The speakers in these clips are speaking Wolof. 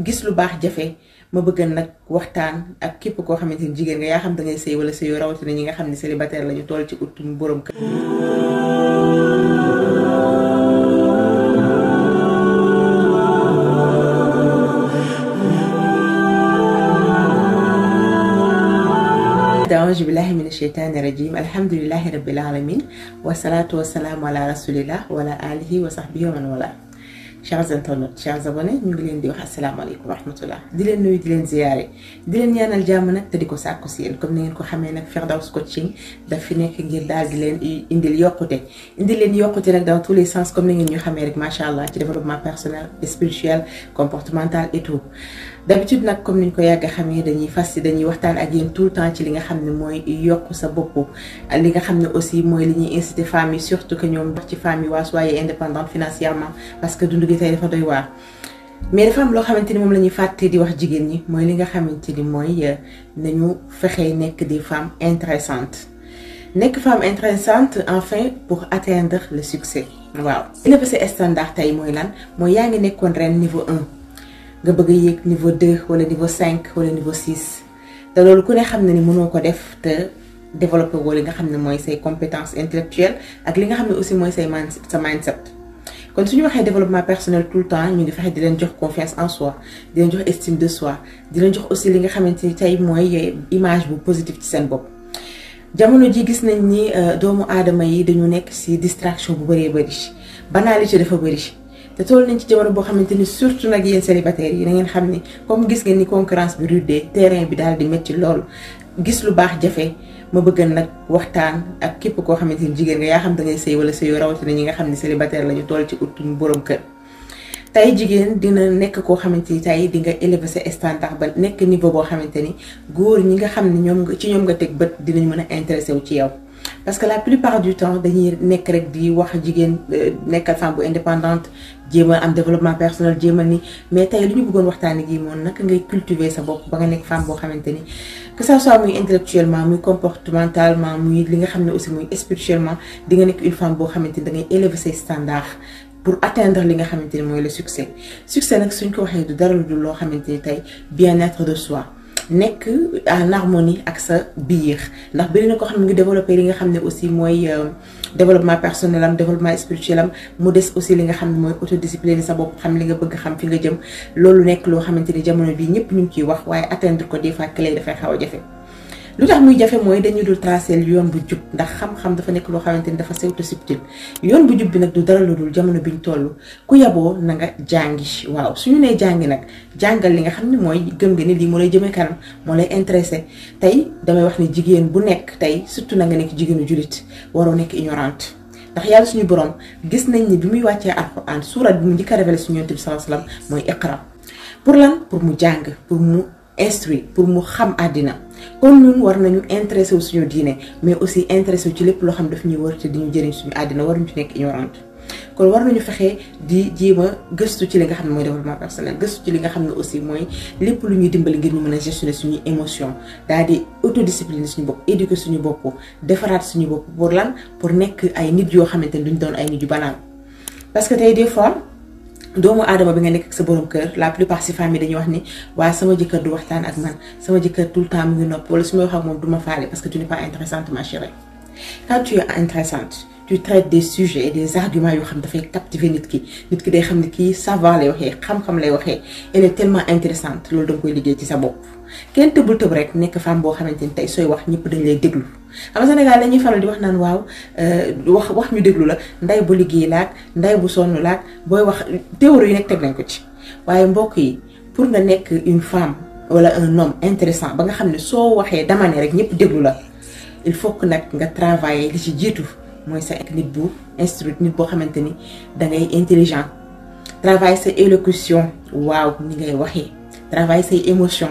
gis lu baax jafe ma bëgg nag waxtaan ak képp koo xamante ni jigéen nga yaa xam da ngay sëy wala sëyoo rawatina ñi nga xam ne célibataire lañu toll ci utum borom kër. aouzu billahi min asheytaani rajim alhamdulilahi rabbil alamin wasalaatu wasalaamu ala rasulillah wala alihi wa sahbihi wa chers internautes chers abonnés ñu ngi leen di wax asalaamaaleykum wa rahmatullah di leen nuyu di leen ziyaare di leen ñaanal jàmm nag te di ko sàkku si yéen comme ni ngeen ko xamee nag Firdaws coaching daf fi nekk ngir daal di leen indil yokkute indil leen yokkute nag dans tous les sens comme ni ngeen ñu xamee rek macha allah ci développement personnel et spirituel comportemental et tout d'habitude nag comme niñ ko yàgg xamee dañuy fas dañuy waxtaan ak yéen tout le temps ci li nga xam ne mooy yokk sa bopp li nga xam ne aussi mooy li ñuy inciter femmes yi surtout que ñoom wax ci femmes yi waa soyez indépendante financièrement parce que dund gi mais dafa loo xamante ni moom la ñuy fàtte di wax jigéen ñi mooy li nga xamante ni mooy euh, nañu fexee nekk des femmes intéressantes nekk femme intéressante enfin pour atteindre le succès waaw. innover sa standard tey mooy lan mooy yaa ngi nekkoon ren niveau un. nga bëgg a yéeg niveau 2 wala niveau cinq wala niveau 6 te loolu ku ne xam na ni mënoo ko def te développé woo li nga xam ne mooy say compétence intellectuelle ak li nga xam ne aussi mooy say man sa mindset kon su ñu waxee développement personnel tout le temps ñu ngi fexe di leen jox confiance en soi di leen jox estime de soi di leen jox aussi li nga xamante ni tey mooy image bu positive ci seen bopp jamono ji gis nañ ni euh, doomu aadama yi dañu nekk ci distraction bu bëree bëri banalité dafa bëri te toll nañ ci jamono boo xamante ni surtout nag yéen célibataires yi da ngeen xam ni comme gis ngeen ni concurrence bi ruddee terrain bi daal di métti lool gis lu baax jafe ma bëgg nag waxtaan ak képp koo xamante ni jigéen nga yaa xam da ngay sëy wala sëyoo rawatina ñi nga xam ne célibataire lañu toll ci utuñu borom kër. tey jigéen dina nekk koo xamante ni tey di nga élever sa ba nekk niveau boo xamante ni góor ñi nga xam ne ñoom nga ci ñoom nga teg bët dinañ mën a intéressé wu ci yow. parce que la plupart du temps dañuy nekk rek di wax jigéen euh, nekkal femme bu indépendante jéem a am développement personnel jéem a ni mais tey lu ñu bëggoon waxtaanee gi moom naka ngay cultiver sa bopp ba nga nekk femme boo xamante ni que ça soit muy intellectuellement muy comportementalement muy li nga xam ne aussi muy spirituellement di nga nekk une femme boo xamante ni da ngay élever say pour atteindre li nga xamante ni mooy le succès succès nag ko waxee du dara du loo xamante ni tey bien-être de soi. nekk en harmonie ak sa biir ndax bëri na ko xam ne mu ngi développé li nga xam ne aussi mooy euh, développement personnel am développement spirituel am mu des aussi li nga xam ne mooy autodiscipline sa bopp xam li nga bëgg xam fi nga jëm loolu nekk loo xamante ni jamono bi ñëpp ñu ngi ciy wax waaye atteindre ko des fois clé dafay xaw a jafe lu tax muy jafe mooy dañu dul tracé yoon bu jub ndax xam-xam dafa nekk loo xamante ni dafa sew te yoon bu jub bi nag du dara lu dul jamono ñu toll ku yaboo na nga jàngi waaw suñu nee jàngi nag jàngal li nga xam ne mooy gëm nga ni lii moo lay jëmee kanam moo lay intéressé tey damay wax ni jigéen bu nekk tey surtout na nga nekk jigéenu jullit waroo nekk ignorante ndax yàlla suñu borom gis nañ ni bi muy wàccee alxuraan suurat bi mu njëkk a suñu yonent bi sallallahu mooy iqra pour lan pour mu jàng pour mu instruire pour mu xam àddina kon ñun war nañu intéressé wu suñu diine mais aussi intéressé ci lépp loo xam daf ñuy wër te di ñu jëriñ suñu àddina waruñu ci nekk ignorante kon war nañu fexe di jii a gëstu ci li nga xam ne mooy développement personnel gëstu ci li nga xam ne aussi mooy lépp lu ñuy dimbali ngir ñu mën a gestionner suñuy émotion daal di autodiscipliner suñu bopp éduquer suñu bopp defaraat suñu bopp pour lan pour nekk ay nit yoo xamante ne duñ doon ay nit yu banaan doomu aadama bi nga nekk ak sa borom kër la plupart si famille dañuy wax ni waaye sama jëkkër du waxtaan ak man sama jëkkër tout le temps mu ngi nopp wala su may wax ak moom du ma faale parce que tu n'es pas intéressante ma chérie quand tu es intéressante tu traites des sujets et des arguments yoo xam dafay captiver nit ki nit ki day xam ne kii savoir lay waxee xam-xam lay waxee elle est tellement intéressante loolu da koy liggéey ci sa bopp kenn tëbul tëb rek nekk femme boo xamante ni tey sooy wax ñëpp dañ lay déglu am nga Sénégal dañuy faral di wax naan waaw euh, wax wax ñu déglu la nday bu liggéey laag nday bu sonn laag booy wax théorie yi nekk teg nañ ko ci waaye mbokk yi pour nga nekk une femme wala un homme intéressant ba nga xam ne soo waxee dama ne rek ñëpp déglu la il faut nag nga travailler li ci jiitu mooy sa nit bu instruit nit boo xamante ni da ngay intelligent travailler sa élocution waaw ni ngay waxee travail say émotion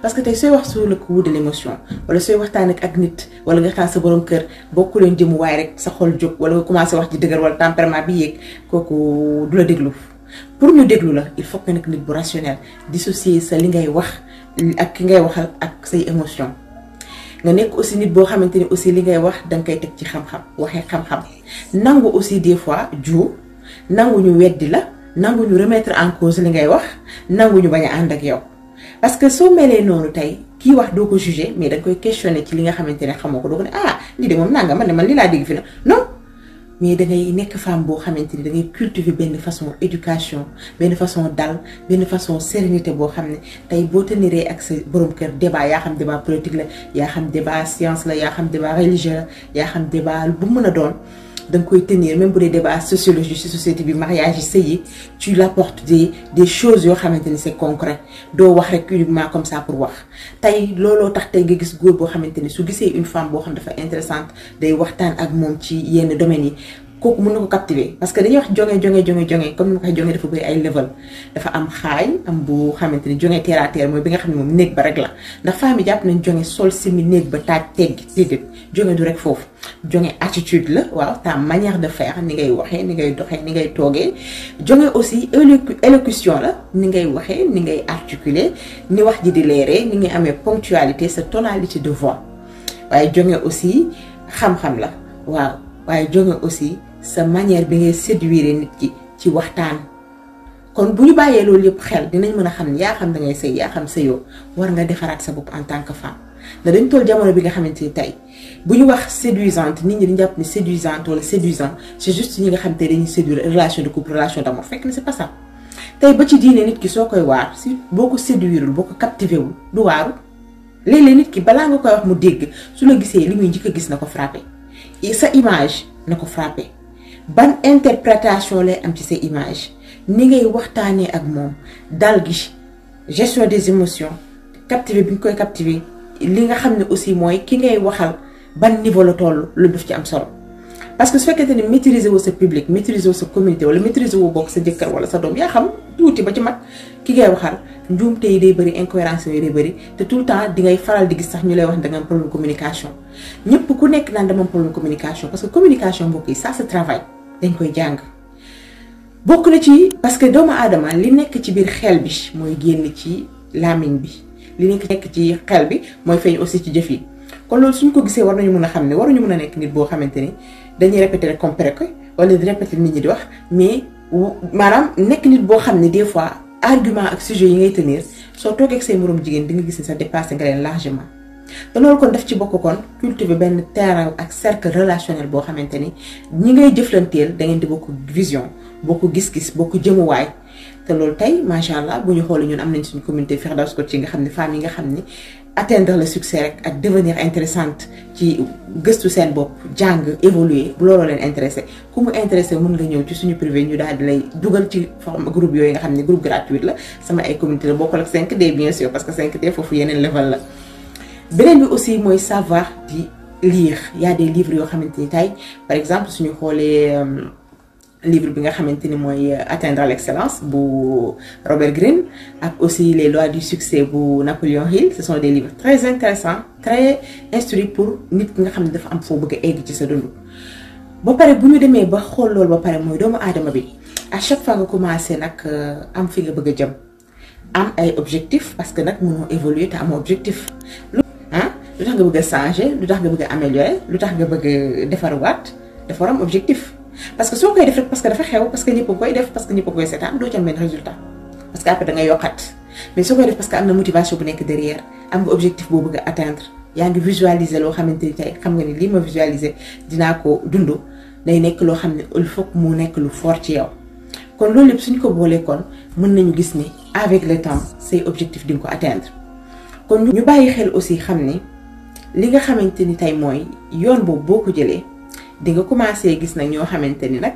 parce que tey sooy wax sur le coup de l'émotion wala sooy waxtaan ak nit wala nga xaar sa borom kër bokku leen jëm waaye rek sa xol jóg wala nga commencé wax ji dëgër wala tempérament bi yéeg kooku du la déglu pour ñu déglu la il faut que nag nit bu rationnel dissocier li ngay wax ak ki ngay waxal ak say émotion nga nekk aussi nit boo xamante ni aussi li ngay wax danga koy teg ci xam waxee xam-xam aussi des fois ju nangu ñu weddi la nangu ñu remettre en cause li ngay wax nangu ñu bañ a ànd ak yow parce que soo melee noonu tey kii wax doo ko jugé mais da koy questionné ci li nga xamante ne xamoo ko doo ko ne ah lii de moom nanga man ne man li laa dégg fi na non mais da ngay nekk femme boo xamante ni da cultiver benn façon éducation benn façon dal benn façon sérénité boo xam ne tey boo tëniree ak sa borom kër débat yaa xam débat politique la yaa xam débat science la yaa xam débat religieux la yaa xam débat bu mën a doon da koy tenir même bu dee débat sociologie ci bi mariage yi sëy yi tu l'apportes des des choses yoo xamante ni c'est concret doo wax rek uniquement comme ça pour wax tey looloo tax tey nga gis góor boo xamante ni su gisee une femme boo xam dafa intéressante day waxtaan ak moom ci yenn domaines yi kooku mën na ko captiver parce que dañuy wax jonge jonge jonge jonge comme ni ma ko jonge dafa bëri am xaay am xamante ni jonge terre à terre mooy bi nga xam ne moom néeg ba rek la ndax femme yi jàpp nañ jonge sol simi néeg ba taaj teggi déedéet jonge du rek foofu jonge attitude la waaw ta manière de faire ni ngay waxee ni ngay doxee ni ngay toogee jonge aussi élocution la ni ngay waxee ni ngay articuler ni wax ji di leere ni ngay amee ponctualité sa tonalité de voix waaye jonge aussi xam-xam la sa manière bi ngay séduire nit ki ci waxtaan kon bu ñu bàyyee loolu yëpp xel dinañ mën a xam yaa xam na ngay sëy yaa xam sëyoo war nga defaraat sa bopp en tant que femme ndax dañ toll jamono bi nga xamante ni tey bu ñu wax séduisante nit ñi jàpp ni séduisante wala séduisant c'est ñi nga xam te dañuy séduire relation de couple relation d'amour fekk na c'est pas tey ba ci diine nit ki soo koy waar si boo ko séduirul boo ko captivé wul du waaru léeg nit ki balaa nga koy wax mu dégg su la gisee li muy njëkk a gis na ko frappé sa image na ko frappé ban interprétation lay am ci sa image ni ngay waxtaanee ak moom dal gi gestion des émotions captiver bi ñu koy captiver li nga xam ne aussi mooy ki ngay waxal ban niveau la toll lu def ci am solo. parce que su fekkente ni maîtriser woo sa public maîtriser woo sa communauté wala maîtriser woo bokk sa jëkkër wala sa doom yaa xam tuuti ba ci mag ki ngay waxal njuumte yi day bëri incohérence yooyu day bëri te tout le temps di ngay faral di gis sax ñu lay wax ne da nga ku nekk naan dama am problème communication parce que communication mbokk yi ça se travaille dañ koy jàng bokk na ci parce que doomu aadama li nekk ci biir xel bi mooy génn ci làmmiñ bi li nekk ci xel bi mooy feeñ aussi ci jëf yi kon loolu suñ ko gisee war nañu mën a xam ne waruñu mën a nekk nit boo xamante ni dañuy répéter rek comme perroquet wala di répéter nit ñi di wax mais maanaam nekk nit boo xam ne des fois argument ak sujet yi ngay tenir soo toogee ak say moroom jigéen di nga gis ne sa dépassé nga leen largement te lool kon daf ci bokk kon bi benn terrain ak cercle relationnel boo xamante ni ñi ngay jëflanteel da ngeen di bokk vision bokk gis-gis bokk jëmuwaay te loolu tey macha allah bu ñu xoolee ñun am nañ suñu communauté Firdaws Coaching nga xam ne femmes yi nga xam ne atteindre le succès rek ak devenir intéressante ci gëstu seen bopp jàng évoluer bu looloo leen intéressé ku mu intéressé mën nga ñëw ci suñu privé ñu daal di lay dugal ci forme groupe yooyu nga xam ni groupe gratuite la sama ay communauté la bokkul ak 5D bien sûr parce que 5D foofu yeneen level la beneen bi aussi mooy savoir di lire yaa a des livres yoo xamante ni tey par exemple suñu xoolee euh, livre bi nga xamante ni mooy euh, atteindre l'excellence bu Robert Greene ak aussi les lois du succès bu Napoléon Hill ce sont des livres très intéressants très instruits pour nit ki nga xam ne dafa am foo bëgg a egg ci sa dund. ba pare bu ñu demee ba xool loolu ba pare mooy doomu aadama bi à chaque fois nga commencé nag euh, am fi nga bëgg a jëm am ay objectifs parce que nag moo évoluer te amoo objectif. ah lu tax nga bëgg a lu tax nga bëgg a améliorer lu tax nga bëgg a defarawaat objectif. parce que soo koy def rek parce que dafa xew parce que ñëpp a koy def parce que ñëpp a koy seetaan doo ci am benn résultat parce que après mais soo koy def parce que am na motivation bu nekk derrière am nga objectif boo bëgg a yaa ngi visualiser loo xamante ni tey xam nga ni lii ma visualiser dinaa ko dund day nekk loo xam ne il foog mu nekk lu fort ci yow. kon loolu lépp suñ ko boolee kon mën nañu gis ni avec le temps say objectif di ko atteindre kon ñu bàyyi xel aussi xam ni li nga xamante ni tey mooy yoon boobu boo ko jëlee. di nga commencé gis nag ñoo xamante ni nag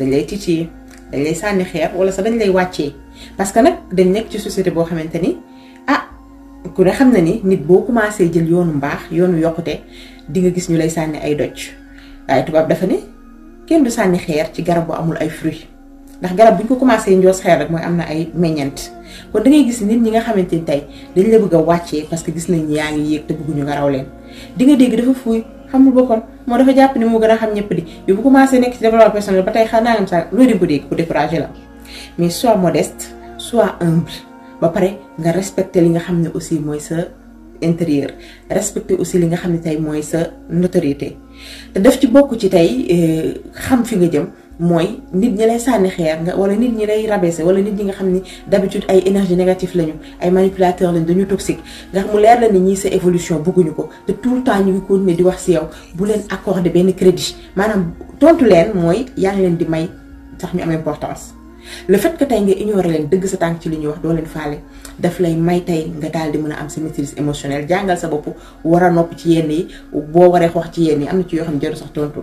dañ lay titiyee dañ lay sànni xeer wala sax dañ lay wàccee parce que nag dañ nekk ci boo xamante ni ah ku ne xam na ni nit boo commencé jël yoonu mbaax yoonu yokkute di nga gis ñu lay sànni ay doj waaye tubaab dafa ne kenn du sànni xeer ci garab bu amul ay fruit ndax garab bu ñu ko commencé njoos xeer rek mooy am na ay meññeent kon da ngay gis nit ñi nga xamante ni tey dañ la bëgg a wàccee parce que gis nañ yaa ngi yéeg te bëgguñu nga raw leen di dégg dafa fuuy xamul bokkoon moo dafa jàpp ni moo gën a xam ñëpp di yow bu commencé nekk ci développement personnel ba tay xanaa nga sa loo di bu dégg bu découragé la mais soit modeste soit humble ba pare nga respecter li nga xam ne aussi mooy sa intérieur respecter aussi li nga xam ne tey mooy sa notoriété te daf ci bokk ci tey euh, xam fi nga jëm. mooy nit ñi lay sànni xeer nga wala nit ñi lay rabaisser wala nit ñi nga xam ni d'habitude ay énergie négative lañu ay manipulateurs lañu dañu toxique nga xam mu leer la nit ñii sa évolution bëgguñu ko te tout le temps ñu ngi continuer di wax si yow bu leen accorder benn crédit maanaam tontu leen mooy yaa ngi leen di may sax ñu am importance. le fait que tey nga ignorer leen dëgg sa tànk ci li ñu wax doo leen faale daf lay may tey nga daal di mën a am sa maîtrise jàngal sa bopp war a noppi ci yenn yi boo waree xoox ci yenn yi am na ci yoo xam ne jarul sax tontu.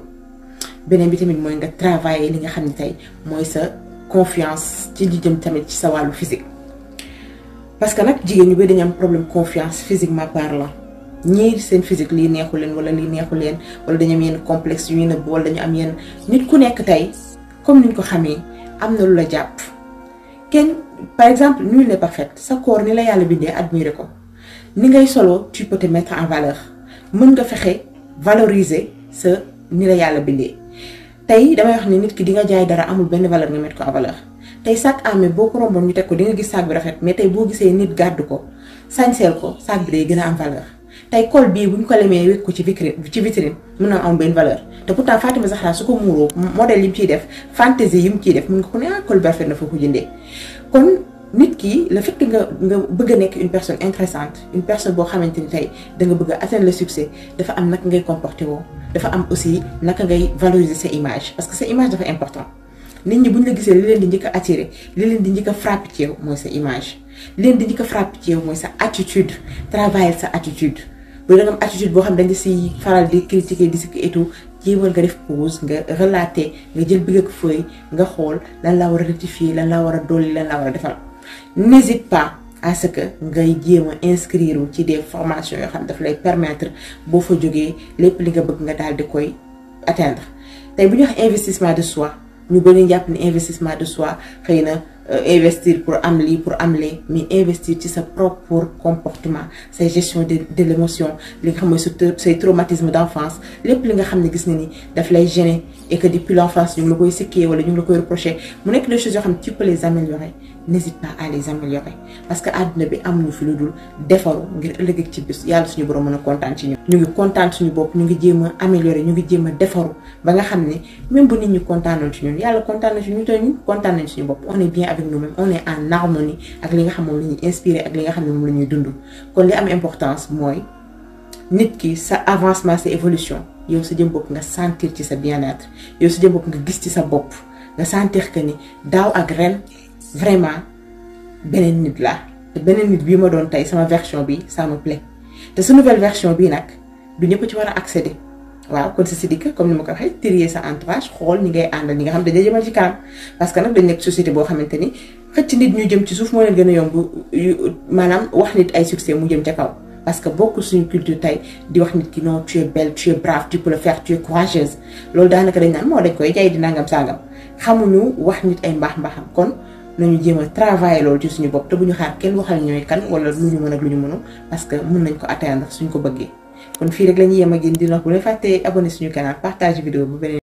beneen bi tamit mooy nga travailler li nga xam ne tey mooy sa confiance ci di jëm tamit ci sa wàllu physique parce que nag jigéen ñu ba dañu am problème confiance physiquement parlant ñii seen physique lii neexu leen wala lii neexu leen wala dañu am yenn complexe yu ñu nëbb dañu am yenn nit ku nekk tey comme niñ ko xamee am na lu la jàpp kenn par exemple nu nul n'est parfait sa corps ni la yàlla bindee admirer ko ni ngay solo tu peux te mettre en valeur mën nga fexe valoriser sa ni la yàlla bindee tey damay wax ni nit ki di nga jaay dara amul benn valeur nga mettre ko à valeur tey sac amee boo ko romboon ñu teg ko di nga gis sac bi rafet mais tey boo gisee nit gàddu ko sañseel ko sac bi day gën a am valeur tey col bii bu ñu ko lemee wékk ko ci vitrine ci vitrine mën na am benn valeur te pourtant Fatima Zahra su ko muuroo modèle yi mu ciy def fantaisie yi mu ciy def mun nga ko ne ah col rafet na foo ko jëndee kon nit ki le fait nga nga bëgg a nekk une personne intéressante une personne boo xamante ni tey danga bëgg a atteindre le succès dafa am naka ngay comporté woo dafa am aussi naka ngay valoriser sa image parce que sa image dafa important nit ñi bu ñu la gisee li leen di njëkk a attiré li leen di njëkk a frappé ci yow mooy sa image li leen di njëkk a frappé ci yow mooy sa attitude travailler sa attitude bu dee da nga am attitude boo xam ne dañu siy faral di critiquer di sikk et tout jéemal nga def pause nga relater nga jël bëgg ak feuille nga xool lan laa war a rectifier lan laa war a dolli lan laa war a n'hésite pas à ce que ngay jéem a inscrire ci des formations yoo xam daf lay permettre boo fa jógee lépp li nga bëgg nga daal di koy atteindre tey bu ñu wax investissement de soi ñu bëri jàpp ni investissement de soit xëy na euh, investir pour am lii pour am lee mais investir ci sa propre comportement sa gestion de de l'émotion li nga xam mooy sa say traumatisme d'enfance lépp li nga xam ne gis nga nii daf lay gêner et que depuis l'enfance ñu ngi la koy sikkee wala ñu ngi parce que àdduna bi amuñu fi lu dul defaru ngir ëllëg ak ci bis yàlla suñu borom mën a kontaan ci ñu ñu ngi kontaan suñu bopp ñu ngi jéem a ñu ngi jéem a defaru ba nga xam ni même bu nit ñi kontaanul ci yàlla kontaan na ci ñu te ñu kontaan nañ suñu bopp on est bien avec nous-mêmes en harmonie ak li nga xam moom la ñuy ak li nga xam ne moom la ñuy dund kon li am importance mooy nit ki sa avancement sa évolution yow sa jëm bopp nga sentir ci sa bien-être yow sa jëm bopp nga gis ci sa bopp nga sentir que ni daaw ak ren vraiment beneen nit la te beneen nit bii ma doon tey sama version bi ça me plaît te sa nouvelle version bii nag du ñëpp ci war a accéder waaw kon ceci dit que comme ni ma ko waxee trier sa entourage xool ñi ngay àndal ñi nga xam dañuy jëmal ci kanam parce que nag dañ nekk société boo xamante ni xëcc nit ñu jëm ci suuf moo leen gën a yomb maanaam wax nit ay succès mu jëm ca kaw. parce que bokk suñu culture tey di wax nit ki non tu belle tu brave tu courageuse loolu daanaka dañ naan moo dañ koy jaay di nangam sangam xamuñu wax nit ay mbaax mbaaxam kon nañu jéem a travailler loolu ci suñu bopp te bu ñu xaar kenn waxal ñooy kan wala lu ñu mën ak lu ñu que mën nañ ko atteindre suñ ko bëggee kon fii rek la ñuy yem ak yéen di wax bu leen fàttee abonné suñu canal partage vidéo bu beneen